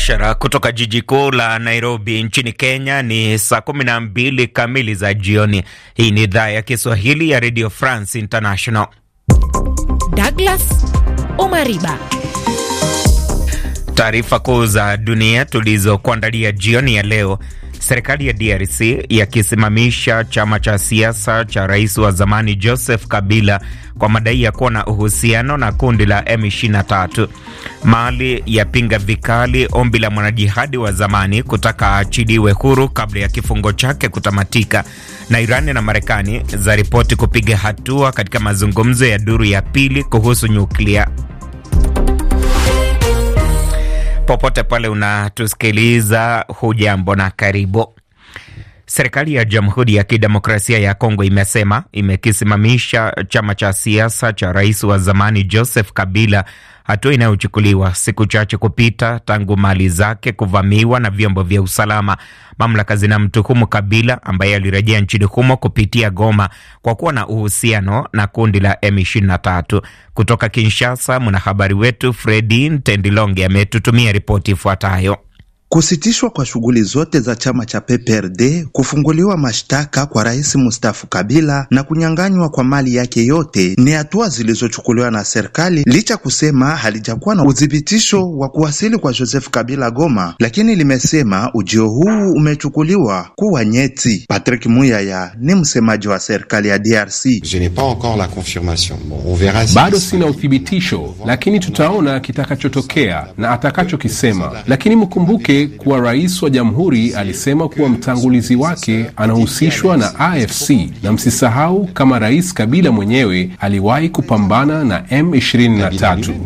mubashara kutoka jiji kuu la Nairobi nchini Kenya. Ni saa kumi na mbili kamili za jioni. Hii ni idhaa ya Kiswahili ya Radio France International. Douglas Omariba, taarifa kuu za dunia tulizokuandalia jioni ya leo. Serikali ya DRC yakisimamisha chama cha siasa cha rais wa zamani Joseph Kabila kwa madai ya kuwa na uhusiano na kundi la M23. Mali yapinga vikali ombi la mwanajihadi wa zamani kutaka aachiliwe huru kabla ya kifungo chake kutamatika. Na Irani na Marekani za ripoti kupiga hatua katika mazungumzo ya duru ya pili kuhusu nyuklia. Popote pale unatusikiliza, hujambo na karibu. Serikali ya Jamhuri ya Kidemokrasia ya Kongo imesema imekisimamisha chama cha siasa cha rais wa zamani Joseph Kabila hatua inayochukuliwa siku chache kupita tangu mali zake kuvamiwa na vyombo vya usalama. Mamlaka zinamtuhumu Kabila ambaye alirejea nchini humo kupitia Goma kwa kuwa na uhusiano na kundi la M23. Kutoka Kinshasa, mwanahabari wetu Fredi Ntendilonge ametutumia ripoti ifuatayo. Kusitishwa kwa shughuli zote za chama cha PPRD, kufunguliwa mashtaka kwa rais mustafu Kabila na kunyang'anywa kwa mali yake yote ni hatua zilizochukuliwa na serikali, licha kusema halijakuwa na uthibitisho wa kuwasili kwa Joseph Kabila Goma, lakini limesema ujio huu umechukuliwa kuwa nyeti. Patrick Muyaya ni msemaji wa serikali ya DRC. Bado sina uthibitisho, lakini tutaona kitakachotokea na atakachokisema, lakini mkumbuke kuwa rais wa jamhuri alisema kuwa mtangulizi wake anahusishwa na AFC na msisahau kama Rais Kabila mwenyewe aliwahi kupambana na M23.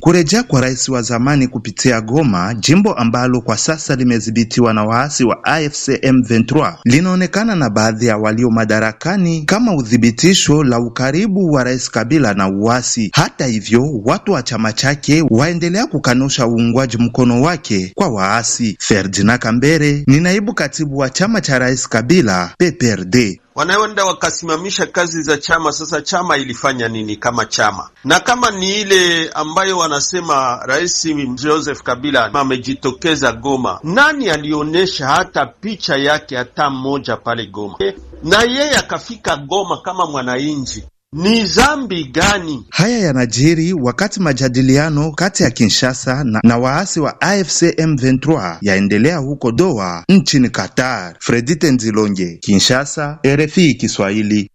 Kurejea kwa rais wa zamani kupitia Goma, jimbo ambalo kwa sasa limedhibitiwa na waasi wa AFC M23, linaonekana na baadhi ya walio madarakani kama udhibitisho la ukaribu wa Rais Kabila na uasi. Hata hivyo, watu wa chama chake waendelea kukanusha uungwaji mkono wa wake kwa waasi. Ferdinand Kambere ni naibu katibu wa chama cha Rais Kabila PPRD wanaenda wakasimamisha kazi za chama. Sasa chama ilifanya nini kama chama? Na kama ni ile ambayo wanasema Rais Joseph Kabila amejitokeza Goma, nani alionyesha hata picha yake hata mmoja pale Goma? Na yeye akafika Goma kama mwananchi. Ni zambi gani? Haya yanajiri wakati majadiliano kati ya Kinshasa na, na waasi wa AFC M23 yaendelea huko Doha nchini Qatar. Fredite Nzilonge, Kinshasa, RFI Kiswahili.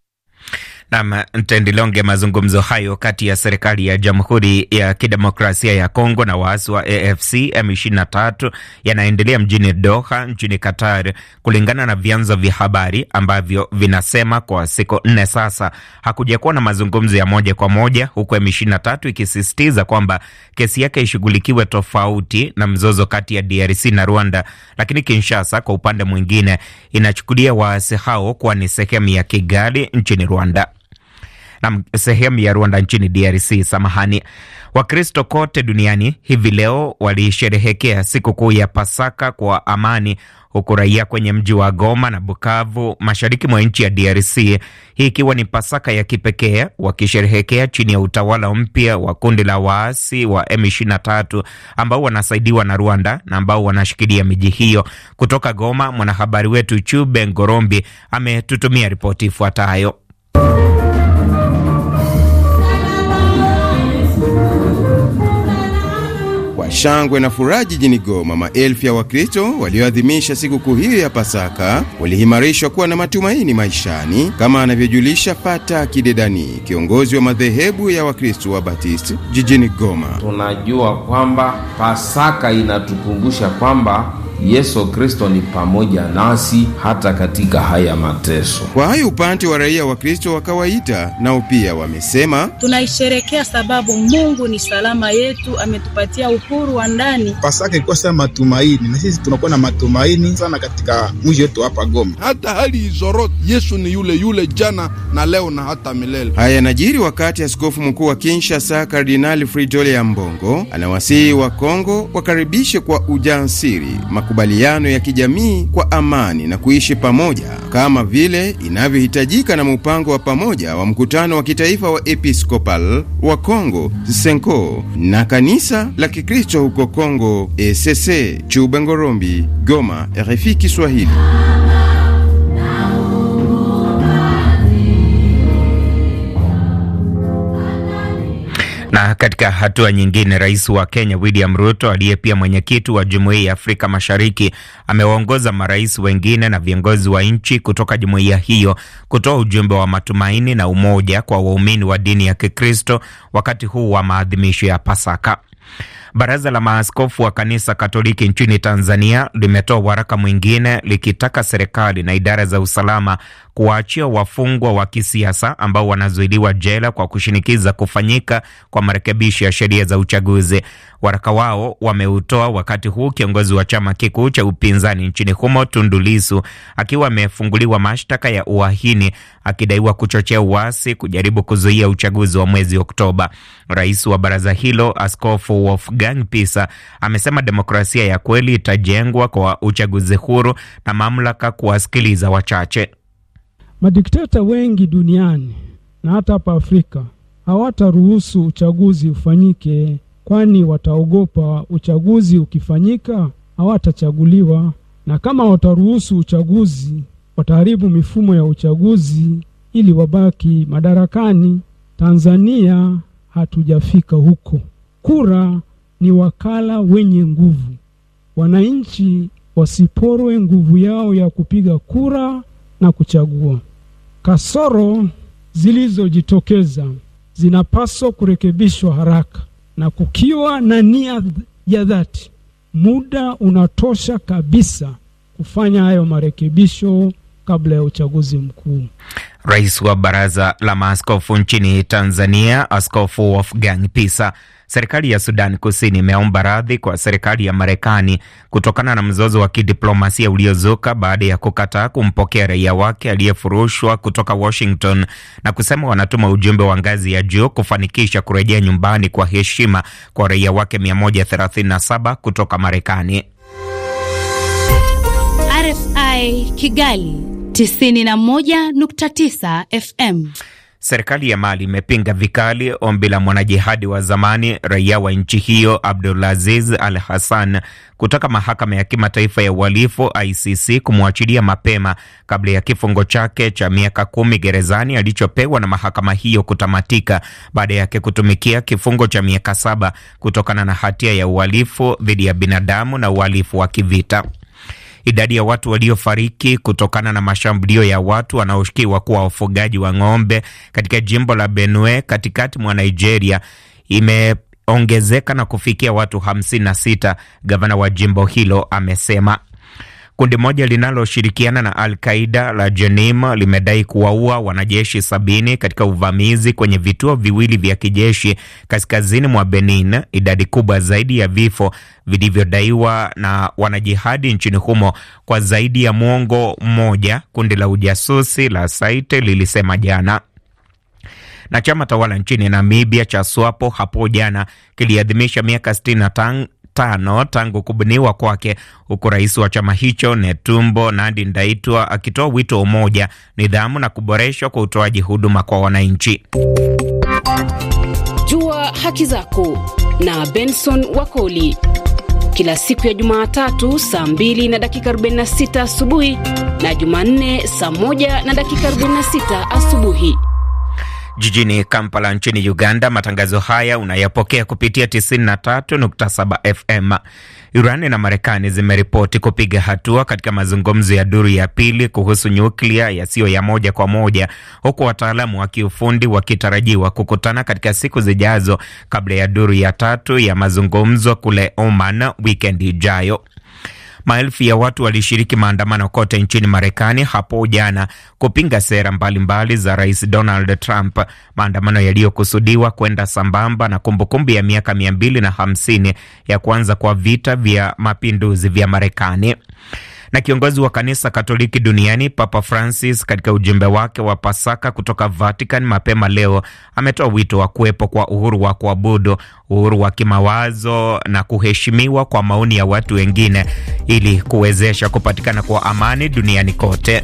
Nam Tendilonge, mazungumzo hayo kati ya serikali ya Jamhuri ya Kidemokrasia ya Kongo na waasi wa AFC M23 yanaendelea mjini Doha nchini Qatar, kulingana na vyanzo vya habari ambavyo vinasema kwa siku nne sasa hakujakuwa na mazungumzo ya moja kwa moja, huku M23 ikisisitiza kwamba kesi yake ishughulikiwe tofauti na mzozo kati ya DRC na Rwanda. Lakini Kinshasa kwa upande mwingine inachukulia waasi hao kuwa ni sehemu ya Kigali nchini Rwanda na sehemu ya Rwanda nchini DRC. Samahani. Wakristo kote duniani hivi leo walisherehekea sikukuu ya Pasaka kwa amani, huku raia kwenye mji wa Goma na Bukavu, mashariki mwa nchi ya DRC, hii ikiwa ni Pasaka ya kipekee, wakisherehekea chini ya utawala mpya wa kundi la waasi wa M23 ambao wanasaidiwa na Rwanda na ambao wanashikilia miji hiyo. Kutoka Goma, mwanahabari wetu Chube Ngorombi ametutumia ripoti ifuatayo. shangwe na furaha jijini Goma, maelfu ya Wakristo walioadhimisha sikukuu hiyo ya Pasaka walihimarishwa kuwa na matumaini maishani, kama anavyojulisha Pata Kidedani, kiongozi wa madhehebu ya Wakristo wa Batist jijini Goma. Tunajua kwamba Pasaka inatukumbusha kwamba Yesu Kristo ni pamoja nasi hata katika haya mateso. Kwa hayo upande wa raia wa Kristo wa kawaida nao pia wamesema, tunaisherekea sababu Mungu ni salama yetu, ametupatia uhuru wa ndani. Pasaka ilikuwa sana matumaini, na sisi tunakuwa na matumaini sana katika mji wetu hapa Goma. Hata hali izorot, Yesu ni yule yule jana na leo na hata milele. Haya najiri wakati askofu mkuu wa Kinshasa Kardinali Fridolin Ambongo anawasihi wa Kongo wakaribishe kwa ujasiri makubaliano ya kijamii kwa amani na kuishi pamoja kama vile inavyohitajika na mpango wa pamoja wa mkutano wa kitaifa wa Episcopal wa Kongo Senko na kanisa la Kikristo huko Kongo esc Chube Ngorombi, Goma, RFI Kiswahili. Na katika hatua nyingine, rais wa Kenya William Ruto aliye pia mwenyekiti wa jumuiya ya Afrika Mashariki amewaongoza marais wengine na viongozi wa nchi kutoka jumuiya hiyo kutoa ujumbe wa matumaini na umoja kwa waumini wa dini ya Kikristo wakati huu wa maadhimisho ya Pasaka. Baraza la maaskofu wa kanisa Katoliki nchini Tanzania limetoa waraka mwingine likitaka serikali na idara za usalama kuwaachia wafungwa wa kisiasa ambao wanazuiliwa jela kwa kushinikiza kufanyika kwa marekebisho ya sheria za uchaguzi. Waraka wao wameutoa wakati huu kiongozi wa chama kikuu cha upinzani nchini humo Tundu Lissu akiwa amefunguliwa mashtaka ya uhaini akidaiwa kuchochea uasi kujaribu kuzuia uchaguzi wa mwezi Oktoba. Rais wa baraza hilo Askofu Wolfgang Pisa amesema demokrasia ya kweli itajengwa kwa uchaguzi huru na mamlaka kuwasikiliza wachache. Madikteta wengi duniani na hata hapa Afrika hawataruhusu uchaguzi ufanyike, kwani wataogopa uchaguzi ukifanyika hawatachaguliwa, na kama wataruhusu uchaguzi wataharibu mifumo ya uchaguzi ili wabaki madarakani. Tanzania hatujafika huko. Kura ni wakala wenye nguvu. Wananchi wasiporwe nguvu yao ya kupiga kura na kuchagua. Kasoro zilizojitokeza zinapaswa kurekebishwa haraka, na kukiwa na nia ya dhati, muda unatosha kabisa kufanya hayo marekebisho kabla ya uchaguzi mkuu. Rais wa Baraza la Maaskofu nchini Tanzania, Askofu Wolfgang Pisa Serikali ya Sudan Kusini imeomba radhi kwa serikali ya Marekani kutokana na mzozo wa kidiplomasia uliozuka baada ya kukataa kumpokea raia wake aliyefurushwa kutoka Washington na kusema wanatuma ujumbe wa ngazi ya juu kufanikisha kurejea nyumbani kwa heshima kwa raia wake 137 kutoka Marekani. RFI Kigali 91.9 FM. Serikali ya Mali imepinga vikali ombi la mwanajihadi wa zamani raia wa nchi hiyo Abdulaziz Al Hassan kutaka mahakama ya kimataifa ya uhalifu ICC kumwachilia mapema kabla ya kifungo chake cha miaka kumi gerezani alichopewa na mahakama hiyo kutamatika baada yake kutumikia kifungo cha miaka saba kutokana na hatia ya uhalifu dhidi ya binadamu na uhalifu wa kivita. Idadi ya watu waliofariki kutokana na mashambulio ya watu wanaoshukiwa kuwa wafugaji wa ng'ombe katika jimbo la Benue katikati mwa Nigeria ime ongezeka na kufikia watu 56, gavana wa jimbo hilo amesema. Kundi moja linaloshirikiana na Al Qaida la Jenim limedai kuwaua wanajeshi sabini katika uvamizi kwenye vituo viwili vya kijeshi kaskazini mwa Benin, idadi kubwa zaidi ya vifo vilivyodaiwa na wanajihadi nchini humo kwa zaidi ya mwongo mmoja, kundi la ujasusi la Saite lilisema jana na chama tawala nchini Namibia cha SWAPO hapo jana kiliadhimisha miaka tano tangu kubuniwa kwake, huku rais wa chama hicho Netumbo Nandi Ndaitwa akitoa wito umoja, nidhamu na kuboreshwa kwa utoaji huduma kwa wananchi. Jua haki zako na Benson Wakoli kila siku ya Jumatatu saa 2 na dakika 46 asubuhi na Jumanne saa 1 na dakika 46 asubuhi jijini Kampala nchini Uganda. Matangazo haya unayapokea kupitia 93.7 FM. Iran na Marekani zimeripoti kupiga hatua katika mazungumzo ya duru ya pili kuhusu nyuklia yasiyo ya moja kwa moja, huku wataalamu wa kiufundi wakitarajiwa kukutana katika siku zijazo kabla ya duru ya tatu ya mazungumzo kule Oman wikendi ijayo. Maelfu ya watu walishiriki maandamano kote nchini Marekani hapo jana kupinga sera mbalimbali mbali za Rais Donald Trump, maandamano yaliyokusudiwa kwenda sambamba na kumbukumbu ya miaka mia mbili na hamsini ya kuanza kwa vita vya mapinduzi vya Marekani. Na kiongozi wa kanisa Katoliki duniani Papa Francis, katika ujumbe wake wa Pasaka kutoka Vatican mapema leo, ametoa wito wa kuwepo kwa uhuru wa kuabudu, uhuru wa kimawazo na kuheshimiwa kwa maoni ya watu wengine ili kuwezesha kupatikana kwa amani duniani kote.